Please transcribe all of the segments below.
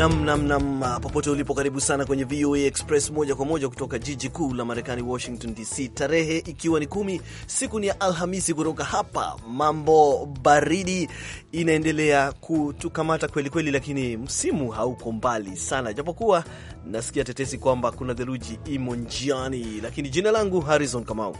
Nam, nam, nam, uh, popote ulipo, karibu sana kwenye VOA Express moja kwa moja kutoka jiji kuu la Marekani, Washington DC, tarehe ikiwa ni kumi, siku ni ya Alhamisi. Kutoka hapa mambo baridi inaendelea kutukamata kweli kweli, lakini msimu hauko mbali sana, japokuwa nasikia tetesi kwamba kuna theluji imo njiani, lakini jina langu Harrison Kamau.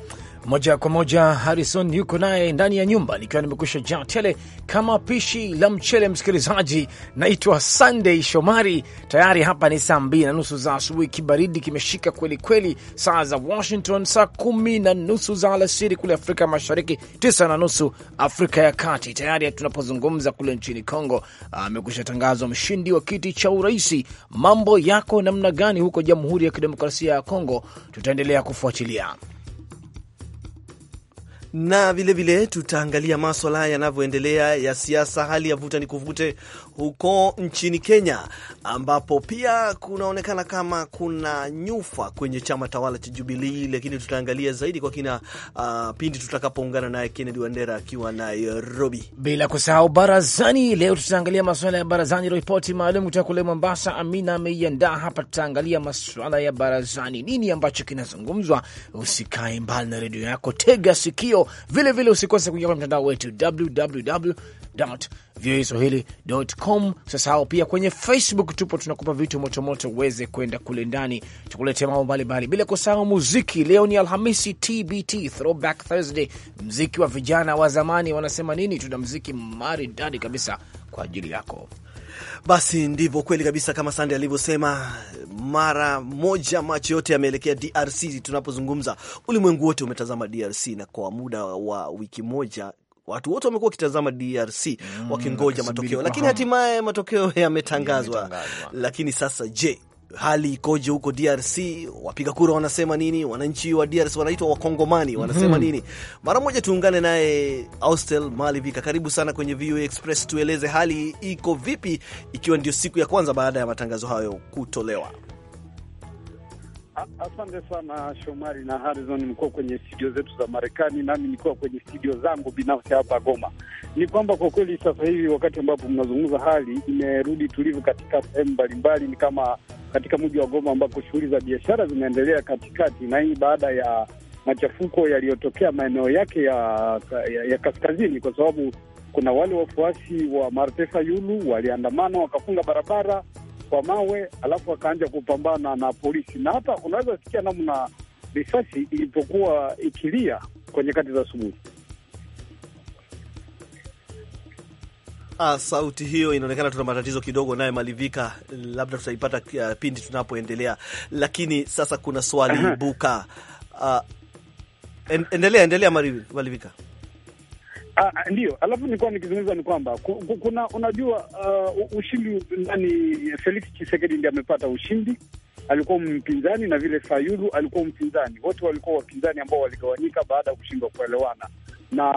Moja kwa moja Harrison yuko naye ndani ya nyumba, nikiwa nimekusha jaa tele kama pishi la mchele. Msikilizaji, naitwa Sunday Shomari. Tayari hapa ni saa mbili na nusu za asubuhi, kibaridi kimeshika kweli kweli, saa za Washington, saa kumi na nusu za alasiri kule Afrika Mashariki, tisa na nusu Afrika ya Kati. Tayari tunapozungumza kule nchini congo amekusha tangazwa mshindi wa kiti cha uraisi. Mambo yako namna gani huko Jamhuri ya Kidemokrasia ya congo Tutaendelea kufuatilia na vilevile tutaangalia maswala yanavyoendelea ya siasa, hali ya vuta ni kuvute huko nchini Kenya, ambapo pia kunaonekana kama kuna nyufa kwenye chama tawala cha Jubilii, lakini tutaangalia zaidi kwa kina uh, pindi tutakapoungana naye Kennedy Wandera akiwa Nairobi, bila kusahau barazani. Leo tutaangalia masuala ya barazani, ripoti maalum kutoka kule Mombasa Amina ameiandaa hapa. Tutaangalia masuala ya barazani, nini ambacho kinazungumzwa. Usikae mbali na redio yako, tega sikio. Vilevile usikose kuingia kwenye mtandao wetu www VOA Swahili.com. Usasahau pia kwenye Facebook tupo tunakupa vitu motomoto uweze kwenda kule ndani tukuletea mambo mbalimbali, bila kusahau muziki. Leo ni Alhamisi, TBT, Throwback Thursday, mziki wa vijana wa zamani. Wanasema nini? Tuna mziki maridadi kabisa kwa ajili yako. Basi ndivyo kweli kabisa, kama Sande alivyosema. Mara moja macho yote yameelekea DRC. Tunapozungumza, ulimwengu wote umetazama DRC, na kwa muda wa wiki moja watu wote wamekuwa wakitazama DRC mm, wakingoja matokeo, lakini hatimaye matokeo yametangazwa. Lakini sasa je, hali ikoje huko DRC? Wapiga kura wanasema nini? Wananchi wa DRC wanaitwa Wakongomani wanasema mm -hmm. nini? Mara moja tuungane naye Austel Malivika, karibu sana kwenye VOA Express. Tueleze hali iko vipi, ikiwa ndio siku ya kwanza baada ya matangazo hayo kutolewa. Asante sana Shomari na harizon mkuwa kwenye studio zetu za Marekani, nami nikiwa kwenye studio zangu binafsi hapa Goma. Ni kwamba kwa kweli sasa hivi wakati ambapo mnazungumza, hali imerudi tulivu katika sehemu mbalimbali, ni kama katika mji wa Goma ambako shughuli za biashara zinaendelea katikati, na hii baada ya machafuko yaliyotokea maeneo yake ya, ya, ya kaskazini, kwa sababu kuna wale wafuasi wa Martefa Yulu waliandamana wakafunga barabara kwa mawe, alafu akaanja kupambana na polisi, na hata unaweza sikia namna risasi ilipokuwa ikilia kwenye kati za asubuhi. Ah, sauti hiyo inaonekana tuna matatizo kidogo naye malivika, labda tutaipata uh, pindi tunapoendelea, lakini sasa kuna swali ibuka. Uh, ah, endelea endelea, malivika. Ah, ah, ndio. Alafu nilikuwa nikizungumza ni kwamba kuna unajua, uh, ushindi ndani, Felix Tshisekedi ndiye amepata ushindi. Alikuwa mpinzani na vile Fayulu alikuwa mpinzani, wote walikuwa wapinzani ambao waligawanyika baada ya kushindwa kuelewana, na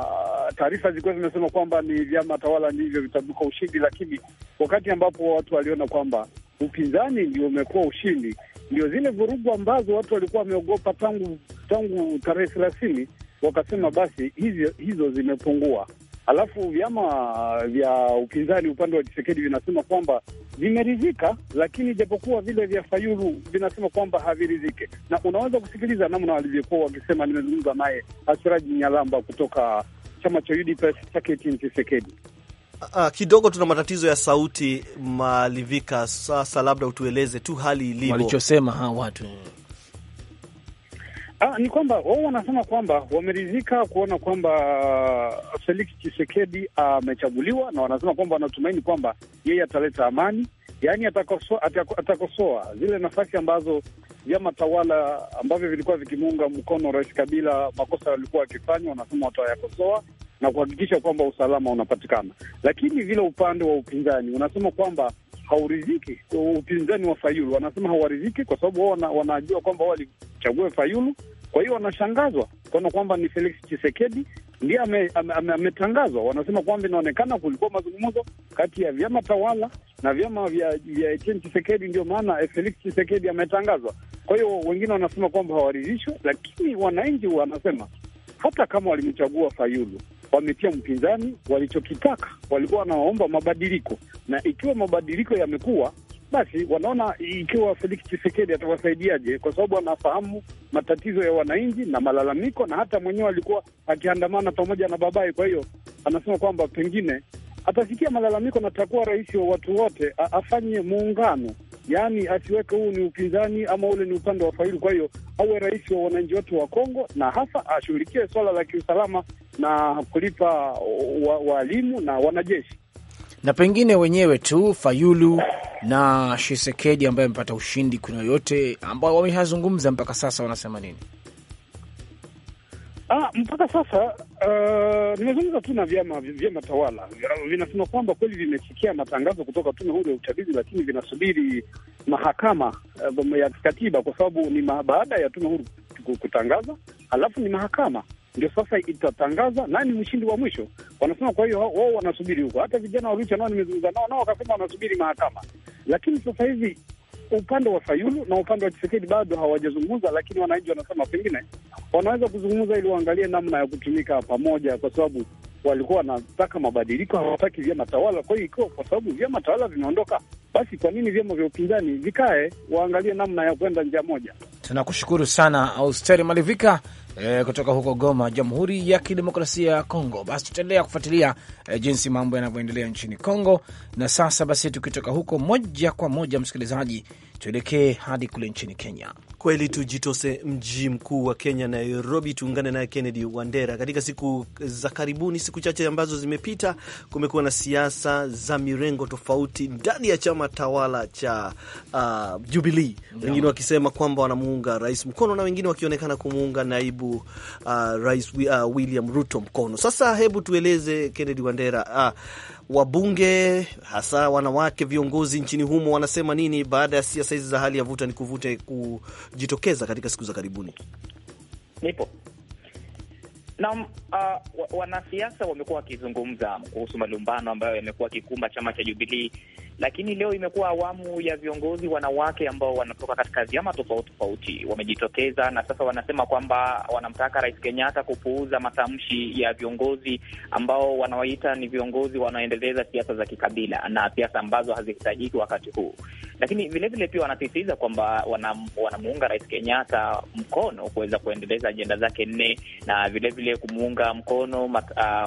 uh, taarifa zilikuwa zimesema kwamba ni vyama tawala ndivyo vitabuka ushindi, lakini wakati ambapo watu waliona kwamba upinzani ndio umekuwa ushindi, ndio zile vurugu ambazo watu walikuwa wameogopa tangu tangu tarehe thelathini wakasema basi hizo, hizo zimepungua. Alafu vyama vya upinzani upande wa Chisekedi vinasema kwamba vimeridhika, lakini japokuwa vile vya Fayulu vinasema kwamba haviridhike, na unaweza kusikiliza namna walivyokuwa wakisema. Nimezungumza naye Asiraji Nyalamba kutoka chama cha UDPS cha Ketin Chisekedi. Uh, ah, ah, kidogo tuna matatizo ya sauti Malivika. Sasa labda utueleze tu hali ilivyo walichosema hawa watu. Ah, ni kwamba wao wanasema kwamba wameridhika kuona kwamba uh, Felix Tshisekedi uh, amechaguliwa, na wanasema kwamba wanatumaini kwamba yeye ataleta amani, yaani atakosoa, atakosoa zile nafasi ambazo vyama tawala ambavyo vilikuwa vikimuunga mkono Rais Kabila, makosa walikuwa wakifanya, wanasema watayakosoa na kuhakikisha kwamba usalama unapatikana. Lakini vile upande wa upinzani unasema kwamba hauridhiki, upinzani wa Fayulu wanasema hawaridhiki kwa sababu wao wanajua kwamba wali wamchague Fayulu. Kwa hiyo wanashangazwa kuona kwamba ni Felix chisekedi ndiye ametangazwa. Wanasema kwamba inaonekana kulikuwa mazungumzo kati ya vyama tawala na vyama vya vya Etienne Chisekedi, ndio maana Felix chisekedi ametangazwa. Kwa hiyo wengine wanasema kwamba hawaridhishwe, lakini wananchi wanasema hata kama walimchagua Fayulu wametia mpinzani, walichokitaka walikuwa wanaomba mabadiliko, na ikiwa mabadiliko yamekuwa basi wanaona ikiwa Felix chisekedi atawasaidiaje, kwa sababu anafahamu matatizo ya wananchi na malalamiko, na hata mwenyewe alikuwa akiandamana pamoja na babaye. Kwa hiyo anasema kwamba pengine atasikia malalamiko na atakuwa rais wa watu wote, afanye muungano, yaani asiweke huu ni upinzani ama ule ni upande wa faili. Kwa hiyo awe rais wa wananchi wote wa Kongo, na hasa ashughulikie swala la kiusalama na kulipa waalimu wa na wanajeshi na pengine wenyewe tu Fayulu na Shisekedi ambaye amepata ushindi, kuna yote ambao wameshazungumza mpaka sasa, wanasema nini? Ah, mpaka sasa uh, nimezungumza tu na vyama vyama tawala vinasema kwamba kweli vimesikia matangazo kutoka tume huru ya uchaguzi, lakini vinasubiri mahakama uh, ya kikatiba, kwa sababu ni baada ya tume huru kutangaza, alafu ni mahakama ndio sasa itatangaza nani mshindi wa mwisho. Wanasema kwa hiyo wao wanasubiri huko, hata vijana wa Arusha nao nimezungumza nao, nao wakasema wanasubiri mahakama. Lakini sasa hivi upande wa Fayulu na upande wa Chisekedi bado hawajazungumza, lakini wananchi wanasema pengine wanaweza kuzungumza ili waangalie namna ya kutumika pamoja, kwa sababu walikuwa wanataka mabadiliko, hawataki vyama tawala. Kwa hiyo ikiwa kwa sababu vyama tawala vimeondoka, basi kwa nini vyama vya upinzani vikae, waangalie namna ya kwenda njia moja? Tunakushukuru sana Austeri Malivika e, kutoka huko Goma, Jamhuri ya Kidemokrasia ya Kongo. Basi tutaendelea kufuatilia e, jinsi mambo yanavyoendelea nchini Kongo. Na sasa basi, tukitoka huko moja kwa moja, msikilizaji, tuelekee hadi kule nchini Kenya. Kweli tujitose mji mkuu wa Kenya, Nairobi. Tuungane naye Kennedy Wandera. Katika siku za karibuni, siku chache ambazo zimepita, kumekuwa na siasa za mirengo tofauti ndani ya chama tawala cha uh, Jubilee, wengine wakisema kwamba wanamuunga rais mkono na wengine wakionekana kumuunga naibu kumpiku uh, Rais uh, William Ruto mkono. Sasa hebu tueleze Kennedy Wandera, uh, wabunge hasa wanawake viongozi nchini humo wanasema nini baada ya siasa hizi za hali ya vuta ni kuvute kujitokeza katika siku za karibuni? Nipo Naam, uh, wanasiasa wamekuwa wakizungumza kuhusu malumbano ambayo yamekuwa kikumba chama cha Jubilii lakini leo imekuwa awamu ya viongozi wanawake ambao wanatoka katika vyama tofauti tofauti wamejitokeza, na sasa wanasema kwamba wanamtaka Rais Kenyatta kupuuza matamshi ya viongozi ambao wanawaita ni viongozi wanaoendeleza siasa za kikabila na siasa ambazo hazihitajiki wakati huu. Lakini vilevile pia wanasisitiza kwamba wanamuunga Rais Kenyatta mkono kuweza kuendeleza ajenda zake nne na vilevile kumuunga mkono uh,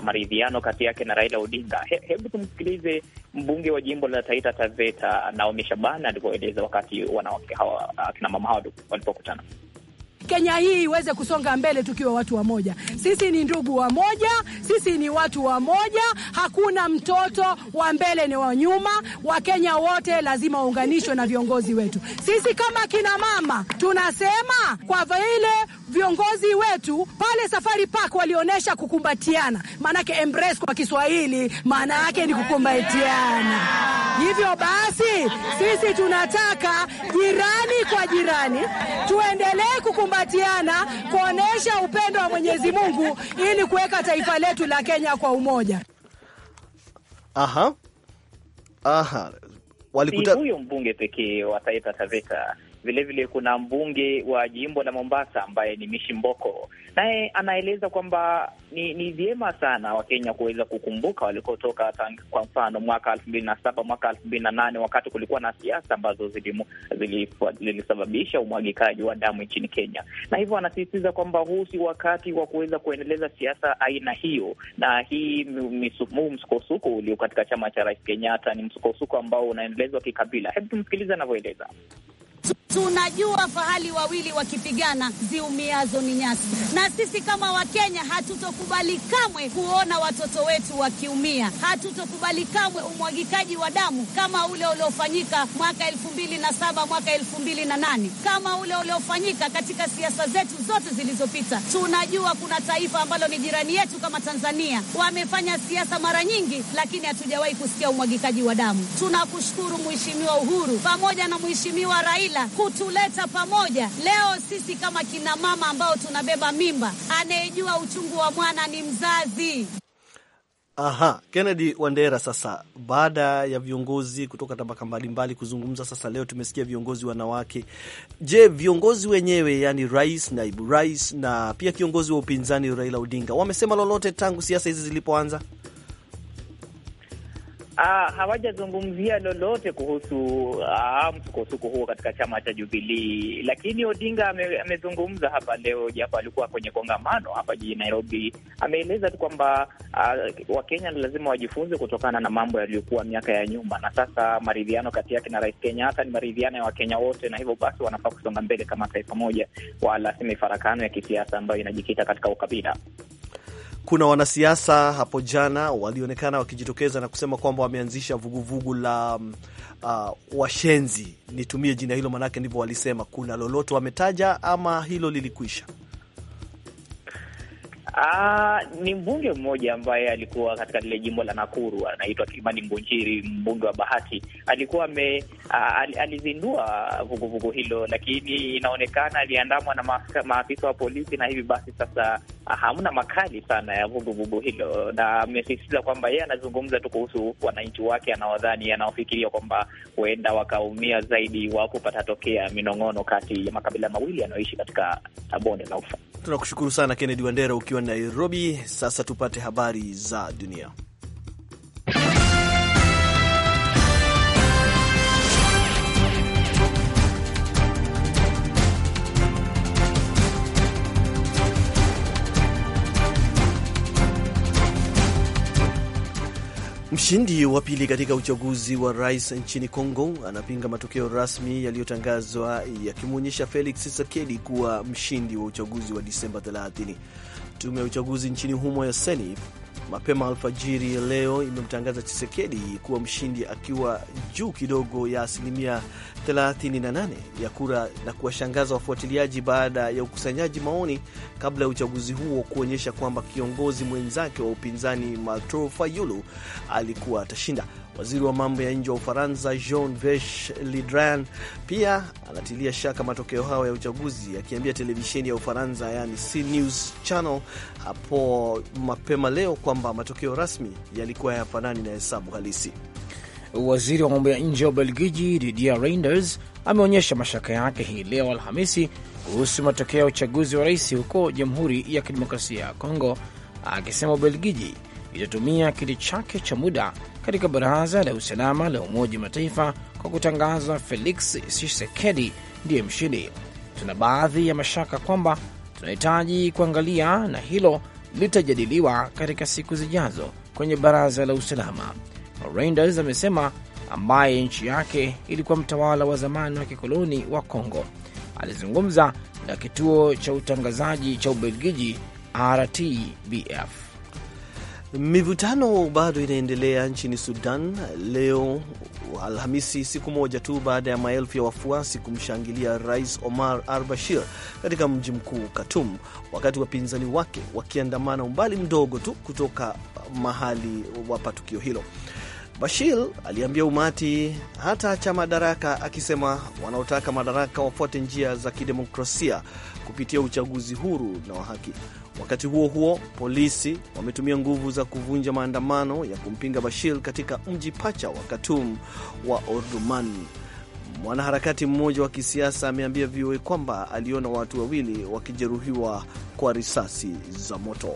maridhiano kati yake na Raila Odinga. He, hebu tumsikilize mbunge wa jimbo la Taifa Aidha, TAVETA Naomi Shabani alivyoeleza wakati wanawake hawa akina mama hawa walipokutana. Kenya hii iweze kusonga mbele tukiwa watu wamoja. Sisi ni ndugu wamoja, sisi ni watu wamoja. Hakuna mtoto wa mbele ni wa nyuma. Wakenya wote lazima waunganishwe na viongozi wetu. Sisi kama kina mama tunasema kwa vile viongozi wetu pale Safari Park walionyesha kukumbatiana, maanake embrace kwa Kiswahili maana yake ni kukumbatiana. Hivyo basi sisi tunataka jirani kwa jirani tuendelee kukumbatiana, kuonesha upendo wa Mwenyezi Mungu ili kuweka taifa letu la Kenya kwa umoja. Aha. Aha. Walikuta... si huyo mbunge pekee wa taifa Taveta Vilevile kuna mbunge wa jimbo la Mombasa ambaye ni Mishi Mboko, naye anaeleza kwamba ni, ni vyema sana Wakenya kuweza kukumbuka walikotoka. Kwa mfano mwaka elfu mbili na saba mwaka elfu mbili na nane wakati kulikuwa na siasa ambazo zilisababisha umwagikaji wa damu nchini Kenya, na hivyo anasisitiza kwamba huu si wakati wa kuweza kuendeleza siasa aina hiyo, na hii huu msukosuko ulio katika chama cha Rais Kenyatta ni msukosuko ambao unaendelezwa kikabila. Hebu tumsikilize anavyoeleza tunajua fahali wawili wakipigana ziumiazo ni nyasi, na sisi kama Wakenya hatutokubali kamwe kuona watoto wetu wakiumia. Hatutokubali kamwe umwagikaji wa damu kama ule uliofanyika mwaka elfu mbili na saba mwaka elfu mbili na nane kama ule uliofanyika katika siasa zetu zote zilizopita. Tunajua kuna taifa ambalo ni jirani yetu kama Tanzania, wamefanya siasa mara nyingi, lakini hatujawahi kusikia umwagikaji wa damu. Tunakushukuru Mheshimiwa Uhuru pamoja na Mheshimiwa Raila Raila kutuleta pamoja leo. Sisi kama kina mama ambao tunabeba mimba, anayejua uchungu wa mwana ni mzazi. Aha, Kennedy Wandera, sasa baada ya viongozi kutoka tabaka mbalimbali kuzungumza, sasa leo tumesikia viongozi wanawake. Je, viongozi wenyewe, yani rais, naibu rais na pia kiongozi wa upinzani Raila Odinga, wamesema lolote tangu siasa hizi zilipoanza? Ah, hawajazungumzia lolote kuhusu ah, msukosuko huo katika chama cha Jubilii, lakini Odinga ame, amezungumza hapa leo, japo alikuwa kwenye kongamano hapa jijini Nairobi. Ameeleza tu kwamba ah, Wakenya lazima wajifunze kutokana na mambo yaliyokuwa miaka ya nyuma, na sasa maridhiano kati yake na Rais Kenyatta ni maridhiano ya Wakenya wote, na hivyo basi wanafaa kusonga mbele kama taifa moja, wala si mifarakano ya kisiasa ambayo inajikita katika ukabila kuna wanasiasa hapo jana walionekana wakijitokeza na kusema kwamba wameanzisha vuguvugu la mm, uh, washenzi. Nitumie jina hilo, maanake ndivyo walisema. Kuna lolote wametaja ama hilo lilikwisha? Aa, ah, ni mbunge mmoja ambaye alikuwa katika lile jimbo la Nakuru, anaitwa Kimani Mbunjiri, mbunge wa Bahati. Alikuwa ame, al, alizindua vuguvugu hilo, lakini inaonekana aliandamwa na maafisa wa polisi, na hivi basi sasa hamna makali sana ya vuguvugu hilo, na amesisitiza kwamba yeye anazungumza tu kuhusu wananchi wake anawadhani, anaofikiria kwamba huenda wakaumia zaidi iwapo patatokea minong'ono kati ya makabila mawili yanayoishi katika bonde la ufa Tunakushukuru sana Kennedy Wandera ukiwa Nairobi. Sasa tupate habari za dunia. Mshindi wa pili katika uchaguzi wa rais nchini congo anapinga matokeo rasmi yaliyotangazwa yakimwonyesha Felix Tshisekedi kuwa mshindi wa uchaguzi wa Disemba 30. Tume ya uchaguzi nchini humo ya seni mapema alfajiri ya leo imemtangaza Chisekedi kuwa mshindi akiwa juu kidogo ya asilimia 38 ya kura na kuwashangaza wafuatiliaji baada ya ukusanyaji maoni kabla ya uchaguzi huo kuonyesha kwamba kiongozi mwenzake wa upinzani Marto Fayulu alikuwa atashinda. Waziri wa mambo ya nje wa Ufaransa Jean Yves Le Drian pia anatilia shaka matokeo hayo ya uchaguzi, akiambia televisheni ya Ufaransa yani CNews Channel hapo mapema leo kwamba matokeo rasmi yalikuwa hayafanani na hesabu halisi. Waziri wa mambo ya nje wa Ubelgiji Didier reinders ameonyesha mashaka yake hii leo Alhamisi kuhusu matokeo ya uchaguzi wa rais huko Jamhuri ya Kidemokrasia ya Kongo, akisema Ubelgiji itatumia kiti chake cha muda katika baraza la usalama la Umoja wa Mataifa kwa kutangaza Felix Tshisekedi ndiye mshindi. Tuna baadhi ya mashaka kwamba tunahitaji kuangalia, na hilo litajadiliwa katika siku zijazo kwenye baraza la usalama, Reinders amesema, ambaye nchi yake ilikuwa mtawala wa zamani wa kikoloni wa Kongo. Alizungumza na kituo cha utangazaji cha Ubelgiji RTBF. Mivutano bado inaendelea nchini Sudan leo Alhamisi, siku moja tu baada ya maelfu ya wafuasi kumshangilia Rais Omar al Bashir katika mji mkuu Khartoum, wakati wapinzani wake wakiandamana umbali mdogo tu kutoka mahali wapa tukio hilo. Bashir aliambia umati hata cha madaraka, akisema wanaotaka madaraka wafuate njia za kidemokrasia kupitia uchaguzi huru na wa haki. Wakati huo huo, polisi wametumia nguvu za kuvunja maandamano ya kumpinga Bashir katika mji pacha wa Khartoum wa Omdurman. Mwanaharakati mmoja wa kisiasa ameambia VOA kwamba aliona watu wawili wakijeruhiwa kwa risasi za moto.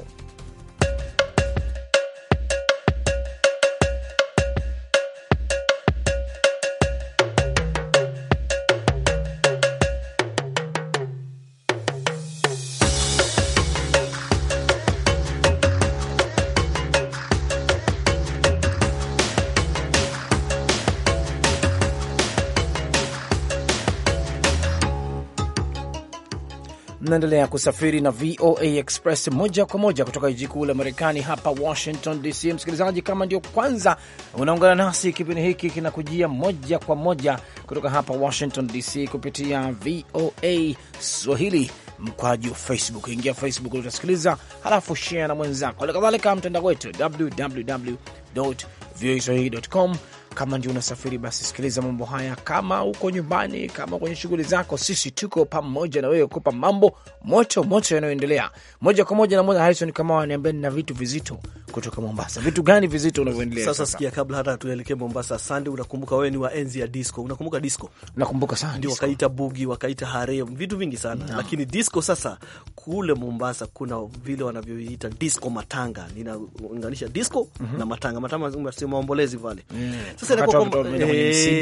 tunaendelea kusafiri na VOA Express moja kwa moja kutoka jiji kuu la Marekani, hapa Washington DC. Msikilizaji, kama ndio kwanza unaungana nasi, kipindi hiki kinakujia moja kwa moja kutoka hapa Washington DC kupitia VOA Swahili mkwaju wa Facebook. Ingia Facebook utasikiliza, halafu share na mwenzako, hali kadhalika mtandao wetu www voaswahili.com kama ndio unasafiri, basi sikiliza mambo haya, kama uko nyumbani, kama kwenye shughuli zako, sisi tuko pamoja na wewe kupa mambo moto moto yanayoendelea moja kwa moja. Namwona Harison kama anaambia nina vitu vizito kutoka Mombasa. Vitu gani vizito unavyoendelea sasa? Sikia, kabla hata tuelekee Mombasa, Sande, unakumbuka wewe ni wa enzi ya disco? Unakumbuka disco? Nakumbuka sana, ndio wakaita bugi, wakaita hare, vitu vingi sana no. Lakini disco sasa kule Mombasa kuna vile wanavyoita disco matanga. Ninaunganisha disco mm -hmm. na matanga matanga, sio maombolezi pale mm. Sasa inakuwa eh,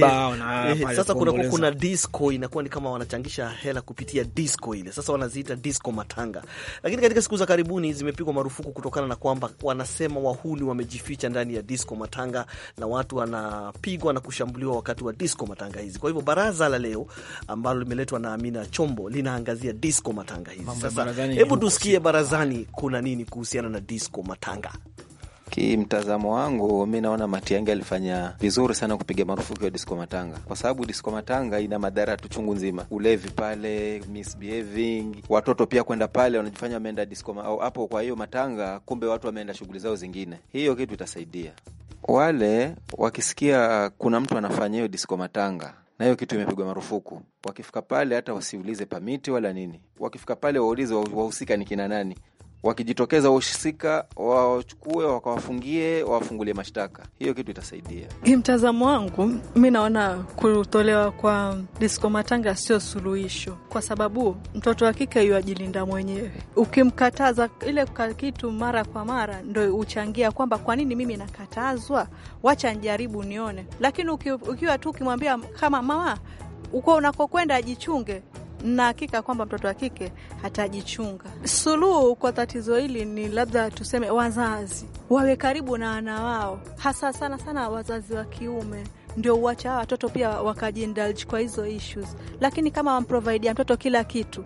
eh, sasa kuna kuna disco inakuwa ni kama wanachangisha hela kupitia disco ile, sasa wanaziita disco matanga. Lakini katika siku za karibuni zimepigwa marufuku kutokana na kwamba wanasema wahuni wamejificha ndani ya disco matanga na watu wanapigwa na kushambuliwa wakati wa disco matanga hizi. Kwa hivyo baraza la leo ambalo limeletwa na Amina Chombo linaangazia disco matanga hizi. Sasa hebu tusikie barazani kuna nini kuhusiana na disco matanga. Kimtazamo wangu mi naona Matiang'i alifanya vizuri sana kupiga marufuku ya disko matanga, kwa sababu disko matanga ina madhara tuchungu nzima: ulevi pale, misbehaving, watoto pia kwenda pale wanajifanya wameenda disko au hapo, kwa hiyo matanga, kumbe watu wameenda shughuli zao zingine. Hiyo kitu itasaidia wale wakisikia kuna mtu anafanya hiyo disko matanga na hiyo kitu imepigwa marufuku. Wakifika pale hata wasiulize pamiti wala nini, wakifika pale waulize wahusika ni kina nani, wakijitokeza wahusika wawachukue wakawafungie wawafungulie mashtaka. Hiyo kitu itasaidia. Mtazamo wangu mi naona kutolewa kwa disko matanga sio suluhisho, kwa sababu mtoto wa kike ajilinda mwenyewe. Ukimkataza ile kitu mara kwa mara, ndo uchangia kwamba kwa nini mimi nakatazwa, wacha njaribu nione. Lakini ukiwa tu ukimwambia kama mama uko unakokwenda ajichunge na hakika kwamba mtoto wa kike hatajichunga. Suluhu kwa tatizo hili ni labda tuseme wazazi wawe karibu na wana wao, hasa sana sana wazazi wa kiume ndio uwacha hawa watoto pia wakajindulge kwa hizo issues, lakini kama wamprovaidia mtoto kila kitu,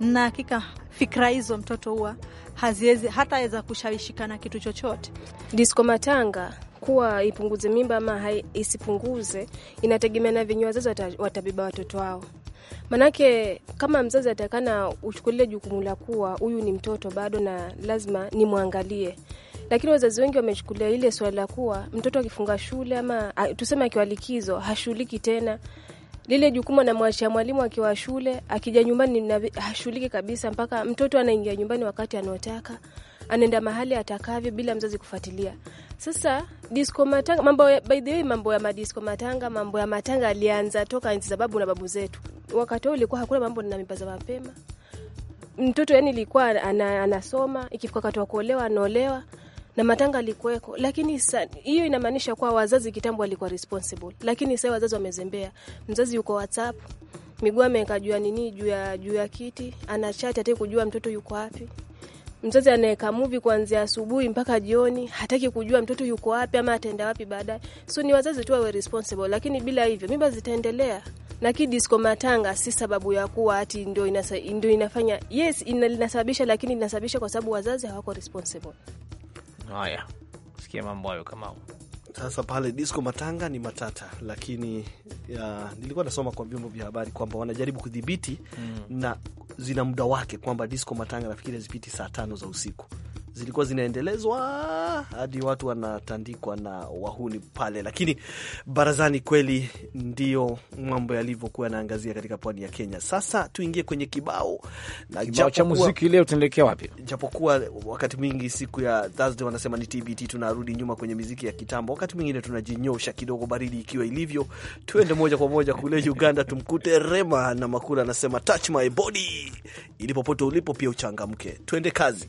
na hakika fikra hizo mtoto huwa haziwezi hataweza kushawishika na kitu chochote. Disko matanga kuwa ipunguze mimba ama isipunguze, inategemea na venye wazazi watabeba watoto wao. Manake kama mzazi atakana uchukulie jukumu la kuwa huyu ni mtoto bado na lazima nimwangalie, lakini wazazi wengi wamechukulia ile swala la kuwa mtoto akifunga shule ama tuseme akiwa likizo hashughuliki tena lile jukumu anamwachia mwalimu akiwa shule, akija nyumbani hashughuliki kabisa, mpaka mtoto anaingia nyumbani wakati anaotaka anaenda mahali atakavyo bila mzazi kufuatilia. Sasa disco matanga, mambo ya, by the way, mambo ya madisko matanga, mambo ya matanga alianza toka enzi za babu na babu zetu. Wakati huo ulikuwa hakuna mambo na mimba za mapema. Mtoto yani ilikuwa ana, anasoma ikifika wakati wa kuolewa anaolewa na matanga alikuweko, lakini hiyo inamaanisha kuwa wazazi kitambo walikuwa responsible, lakini sasa wazazi wamezembea. Mzazi yuko WhatsApp, miguu amekajua nini, juu ya juu ya kiti, anachati hata kujua mtoto yuko wapi. Mzazi anaweka muvi kuanzia asubuhi mpaka jioni, hataki kujua mtoto yuko wapi ama ataenda wapi baadaye. So ni wazazi tu wawe responsible, lakini bila hivyo mimba zitaendelea. Na kidisco matanga si sababu ya kuwa ati ndio inasa, ndio inafanya yes, inasababisha, lakini inasababisha kwa sababu wazazi hawako responsible. Haya, sikia mambo hayo kama sasa pale disco matanga ni matata, lakini ya, nilikuwa nasoma kwa vyombo vya habari kwamba wanajaribu kudhibiti mm, na zina muda wake kwamba disco matanga nafikiri hazipiti saa tano za usiku zilikuwa zinaendelezwa hadi watu wanatandikwa na wahuni pale. Lakini barazani, kweli ndiyo mambo yalivyokuwa yanaangazia katika pwani ya Kenya. Sasa tuingie kwenye kibao na kibao cha muziki leo. Tunaelekea wapi? Japokuwa wakati mwingi siku ya Thursday wanasema ni TBT, tunarudi nyuma kwenye miziki ya kitambo, wakati mwingine tunajinyosha kidogo, baridi ikiwa ilivyo. Tuende moja kwa moja kule Uganda, tumkute Rema na Makula anasema touch my body, Ilipopote ulipo pia uchangamke. Tuende kazi.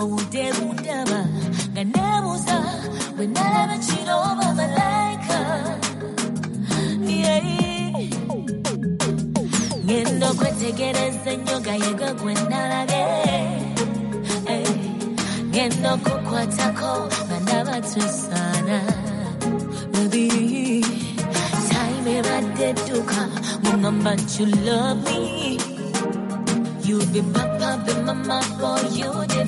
좋은데 웃다가 난내 모사 왜 나라면 치러봐 말라이카 ngendo kwetegereza enyoga yega gwe nalage ngendo kukwatako bana batwesana babi time ebadde edduka mugamba you love me you've been baby, touch my body. you to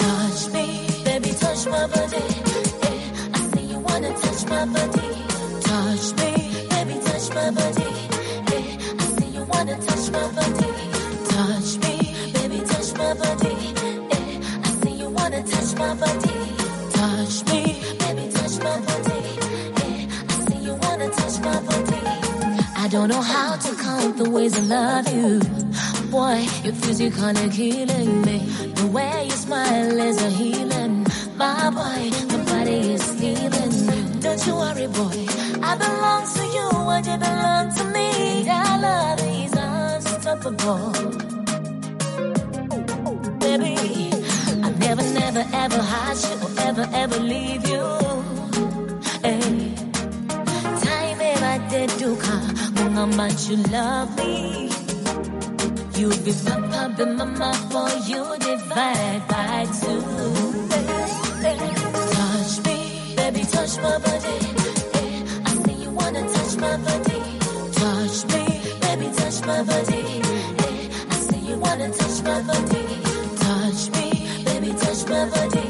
Touch me, baby, touch my body. Yeah, I see you wanna touch my body. Touch me, baby, touch my body. Yeah, I see you wanna touch my body. Touch me, baby, touch my body. Yeah, I see you wanna touch my body. I don't know how to the ways I love you. Boy, your physique kinda killing me. The way you smile is a healing. My boy, my body is healing. Don't you worry, boy. I belong to you and you belong to me. Our love is unstoppable. Baby, I never, never, ever hide you or ever, ever leave you. Hey, time ever did do come young, how much you love me. You be papa, be mama, for you divide by two. Touch me, baby, touch my body. I say you wanna touch my body. Touch me, baby, touch my body. I say you wanna touch my body. Touch me, baby, touch my body.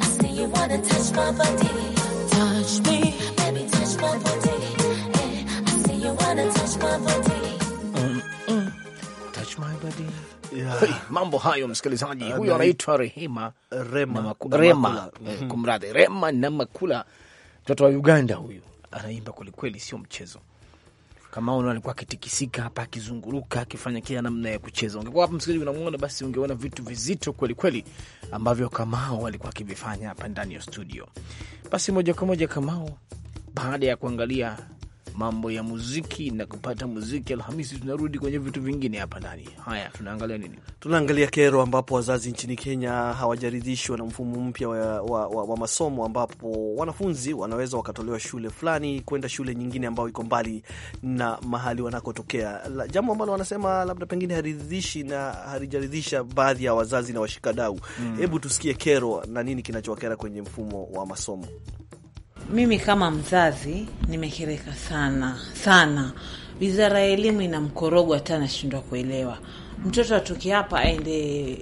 I say you wanna touch my body. mambo hayo, msikilizaji. Ah, Huyo anaitwa Rehema Rema, Rema, mm-hmm. eh, kumradhi, Rema na Makula, mtoto wa Uganda. Huyu anaimba kwelikweli, sio mchezo. Kama ona alikuwa akitikisika hapa, akizunguruka, akifanya kila namna ya kucheza. Ungekuwa hapa msikilizaji, unamwona basi, ungeona vitu vizito kwelikweli ambavyo Kamao alikuwa akivifanya hapa ndani ya studio. Basi moja kwa moja Kamao, baada ya kuangalia mambo ya muziki na kupata muziki. Alhamisi tunarudi kwenye vitu vingine hapa ndani. Haya, tunaangalia nini? Tunaangalia kero, ambapo wazazi nchini Kenya hawajaridhishwa na mfumo mpya wa, wa, wa, wa masomo, ambapo wanafunzi wanaweza wakatolewa shule fulani kwenda shule nyingine ambayo iko mbali na mahali wanakotokea, jambo ambalo wanasema labda pengine haridhishi na halijaridhisha baadhi ya wazazi na washikadau. Hmm. Hebu mm, tusikie kero na nini kinachowakera kwenye mfumo wa masomo. Mimi kama mzazi nimekereka sana sana. Wizara ya elimu ina mkorogo, hata nashindwa kuelewa. Mtoto atoke hapa aende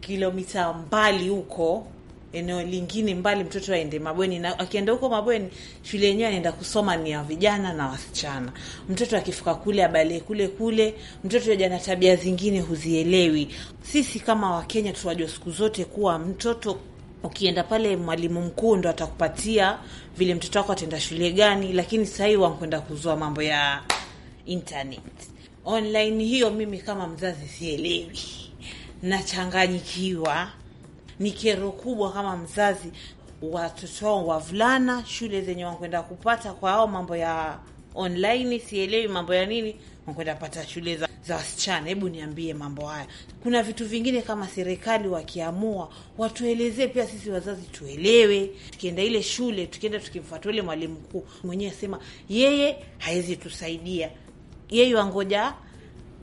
kilomita mbali huko eneo lingine mbali, mtoto aende mabweni, na akienda huko mabweni, shule yenyewe anaenda kusoma ni ya vijana na wasichana. Mtoto akifika kule abalie kule kule, mtoto aja na tabia zingine huzielewi. Sisi kama Wakenya tunajua siku zote kuwa mtoto ukienda pale mwalimu mkuu ndo atakupatia vile mtoto wako ataenda shule gani, lakini sahii wankwenda kuzua mambo ya internet online. Hiyo mimi kama mzazi sielewi, nachanganyikiwa. Ni kero kubwa kama mzazi. Watoto wao wavulana shule zenye wankwenda kupata kwa ao mambo ya online, sielewi mambo ya nini kwenda pata shule za, za wasichana. Hebu niambie mambo haya. Kuna vitu vingine kama serikali wakiamua watuelezee pia sisi wazazi tuelewe. Tukienda ile shule, tukienda tukimfuata ule mwalimu mkuu mwenyewe, asema yeye hawezi tusaidia, yeye wangoja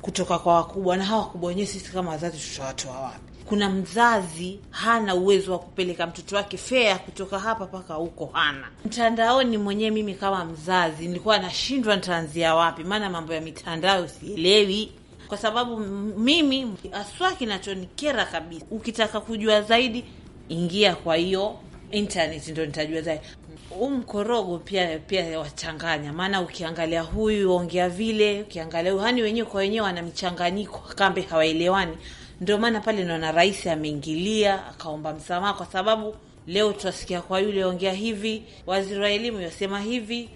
kutoka kwa wakubwa, na hawa wakubwa wenyewe sisi kama wazazi tutawatoa wapi? kuna mzazi hana uwezo wa kupeleka mtoto wake fea kutoka hapa mpaka huko, hana mtandaoni. Mwenyewe mimi kama mzazi nilikuwa nashindwa nitaanzia wapi, maana mambo ya mitandao sielewi kwa sababu mimi aswa, kinachonikera kabisa, ukitaka kujua zaidi, ingia kwa hiyo internet, ndo nitajua zaidi. Huu mkorogo pia pia wachanganya, maana ukiangalia huyu ongea vile, ukiangalia huyu, hani wenyewe kwa wenyewe wana michanganyiko, kambe hawaelewani. Ndio maana pale naona rais ameingilia akaomba msamaha, kwa sababu leo tutasikia kwa yule ongea hivi, waziri wa elimu yasema hivi,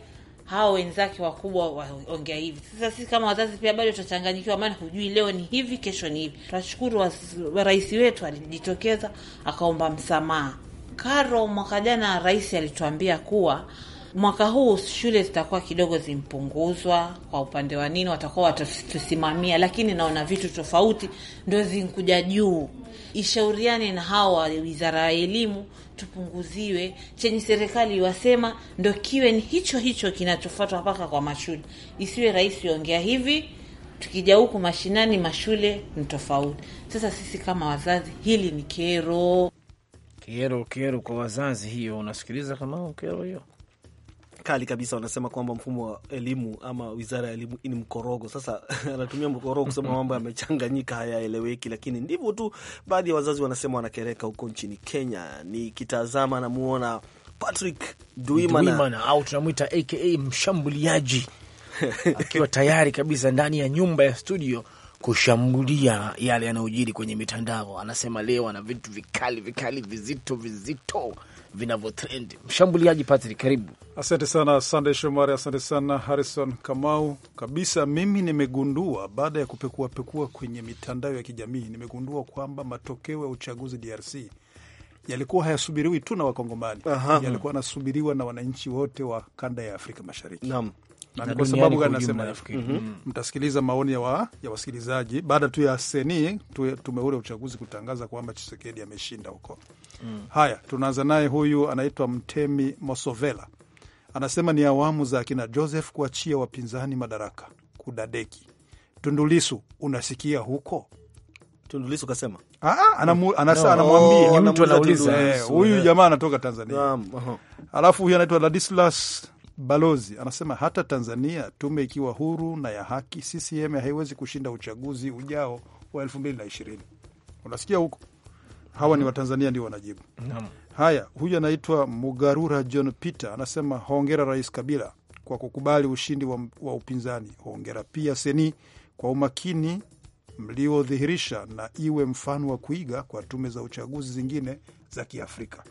hao wenzake wakubwa waongea hivi. Sasa sisi kama wazazi pia bado tutachanganyikiwa, maana hujui leo ni hivi, kesho ni hivi. Tunashukuru rais wetu alijitokeza akaomba msamaha. Karo mwaka jana rais alituambia kuwa Mwaka huu shule zitakuwa kidogo zimpunguzwa kwa upande wa nini, watakuwa watatusimamia, lakini naona vitu tofauti ndo zinkuja juu. Ishauriane na hawa wa wizara ya elimu, tupunguziwe. Chenye serikali iwasema ndo kiwe ni hicho hicho kinachofuatwa mpaka kwa mashule. Isiwe rais iongea hivi, tukija huku mashinani mashule ni tofauti. Sasa sisi kama wazazi, hili ni kero, kero, kero kwa wazazi. Hiyo unasikiliza kama kero hiyo kali kabisa, wanasema kwamba mfumo wa elimu ama wizara ya elimu ni mkorogo. Sasa anatumia mkorogo kusema mambo yamechanganyika, hayaeleweki, lakini ndivyo tu baadhi ya wazazi wanasema wanakereka huko nchini Kenya. Nikitazama namuona Patrick Duimana, Duimana au tunamwita aka mshambuliaji akiwa tayari kabisa ndani ya nyumba ya studio kushambulia yale yanayojiri kwenye mitandao. Anasema leo ana vitu vikali vikali vizito vizito vinavyotrend. Mshambuliaji Patrick, karibu. Asante sana Sandey Shomari, asante sana Harrison Kamau. Kabisa, mimi nimegundua baada ya kupekuapekua kwenye mitandao ya kijamii, nimegundua kwamba matokeo ya uchaguzi DRC yalikuwa hayasubiriwi tu na Wakongomani, yalikuwa anasubiriwa na wananchi wote wa kanda ya Afrika Mashariki. Naam. Na kwa sababu gani nasema mm -hmm. Mtasikiliza maoni ya, wa, ya wasikilizaji baada tu ya seni tume uchaguzi kutangaza kwamba Chisekedi ameshinda huko mm. Haya, tunaanza naye huyu anaitwa Mtemi Mosovela, anasema ni awamu za akina Joseph kuachia wapinzani madaraka, kudadeki. Tundulisu unasikia huko Tundulisu kasema ah, ah, anamwambia mtu anauliza eh, huyu eh. jamaa anatoka Tanzania. um, uh -huh. Alafu huyu anaitwa Ladislas Balozi anasema hata Tanzania tume ikiwa huru na ya haki, CCM haiwezi kushinda uchaguzi ujao wa elfu mbili na ishirini. Unasikia huko hawa ni Watanzania ndio wanajibu. Haya, huyu anaitwa Mugarura John Peter anasema hongera Rais Kabila kwa kukubali ushindi wa, wa upinzani. Hongera pia Seni kwa umakini mliodhihirisha, na iwe mfano wa kuiga kwa tume za uchaguzi zingine za Kiafrika.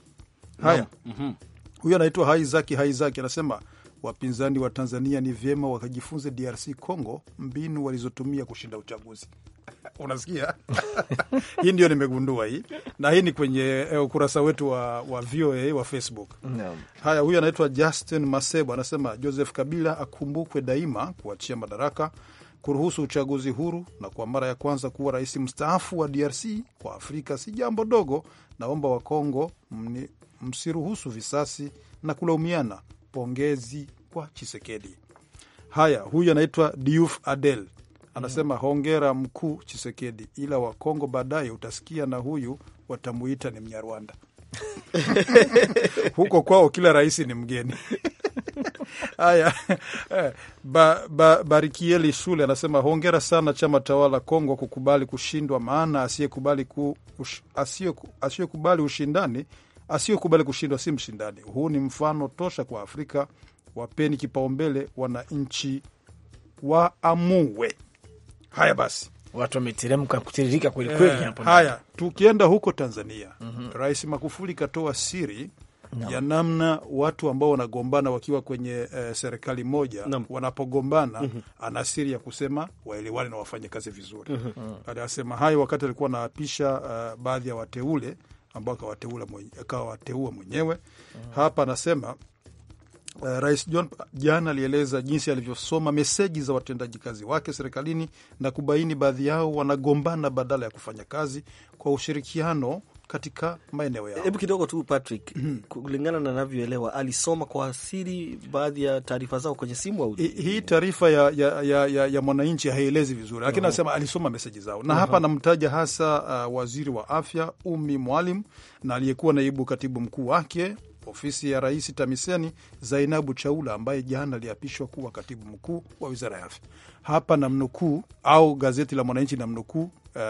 Haya, mm -hmm. Huyu anaitwa Haizaki Haizaki anasema wapinzani wa Tanzania ni vyema wakajifunze DRC Congo mbinu walizotumia kushinda uchaguzi. Unasikia hii ndio nimegundua hii, na hii ni kwenye eh, ukurasa wetu wa, wa VOA wa Facebook. No. Haya, huyu anaitwa Justin Masebo anasema Joseph Kabila akumbukwe daima kuachia madaraka, kuruhusu uchaguzi huru, na kwa mara ya kwanza kuwa rais mstaafu wa DRC kwa Afrika si jambo dogo. Naomba Wakongo msiruhusu visasi na kulaumiana. Pongezi kwa Chisekedi. Haya, huyu anaitwa Diuf Adel anasema hongera mkuu Chisekedi, ila Wakongo baadaye utasikia na huyu watamuita ni Mnyarwanda. huko kwao kila rais ni mgeni. Haya, eh, ba, ba, Barikieli Shule anasema hongera sana chama tawala Kongo kukubali kushindwa, maana asiyekubali ku, ush, asiyekubali ushindani asiyokubali kushindwa si mshindani. Huu ni mfano tosha kwa Afrika. Wapeni kipaumbele wananchi waamue. Haya basi, watu wameteremka kutiririka kweli kweli eh, hapo. Haya, tukienda huko Tanzania, mm -hmm. Rais Magufuli katoa siri no. ya namna watu ambao wanagombana wakiwa kwenye eh, serikali moja no. wanapogombana mm -hmm. ana siri ya kusema waelewane na wafanye kazi vizuri mm -hmm. Aliyasema hayo wakati alikuwa anaapisha uh, baadhi ya wateule ambao akawateua mwenyewe mm -hmm. hapa anasema Uh, Rais John jana alieleza jinsi alivyosoma meseji za watendaji kazi wake serikalini na kubaini baadhi yao wanagombana badala ya kufanya kazi kwa ushirikiano katika maeneo yao. Hebu kidogo tu Patrick, mm-hmm. kulingana na navyoelewa, alisoma kwa asiri baadhi ya taarifa zao kwenye simu au hii taarifa ya, ya, ya, ya, ya Mwananchi haielezi vizuri, lakini oh. anasema alisoma meseji zao na uhum. Hapa anamtaja hasa uh, waziri wa afya Umi Mwalim na aliyekuwa naibu katibu mkuu wake Ofisi ya Rais tamiseni Zainabu Chaula, ambaye jana aliapishwa kuwa katibu mkuu wa wizara ya afya. Hapa namnukuu, au gazeti la Mwananchi namnukuu. Uh,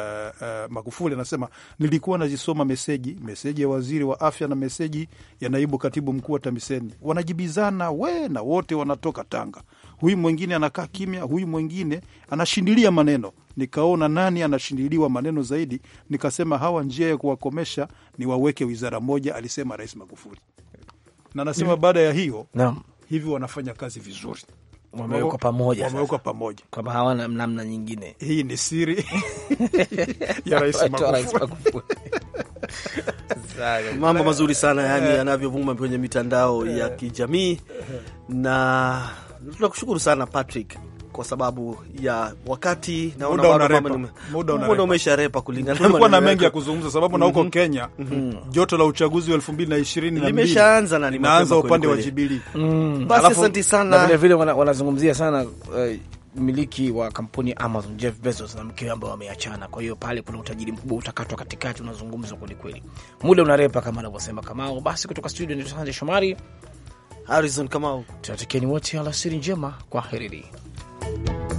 uh, Magufuli anasema nilikuwa nazisoma meseji meseji ya waziri wa afya na meseji ya naibu katibu mkuu wa tamiseni wanajibizana we na wote wanatoka Tanga. Huyu mwingine anakaa kimya, huyu mwingine anashindilia maneno. Nikaona nani anashindiliwa maneno zaidi, nikasema hawa, njia ya kuwakomesha ni waweke wizara moja, alisema Rais Magufuli na nasema baada ya hiyo naam, hivi wanafanya kazi vizuri, wamewekwa pamoja, wamewekwa pamoja kama hawana namna nyingine. Hii ni siri ya Rais Magufuli. Mambo mazuri sana yani eh. yanavyovuma kwenye mitandao ya eh. kijamii eh. na tunakushukuru sana Patrick kwa sababu ya wakati naona muda repa kulingana na kulikuwa mengi ya kuzungumza sababu mm -hmm. na huko mhm. Kenya mm -hmm. joto la uchaguzi wa 2020 limeshaanza na linaanza upande wa Jubilee. Mm. Basi asante sana. Vile vile wanazungumzia sana uh, mmiliki wa kampuni Amazon Jeff Bezos na mkewe ambao wameachana. Kwa hiyo pale kuna utajiri mkubwa utakatwa katikati, unazungumzwa kwelikweli. Muda unarepa kama anavyosema Kamao. Basi kutoka studio ni Sande Shomari, Harrison Kamau, tunatakieni wote alasiri njema, kwa herini. 嗯。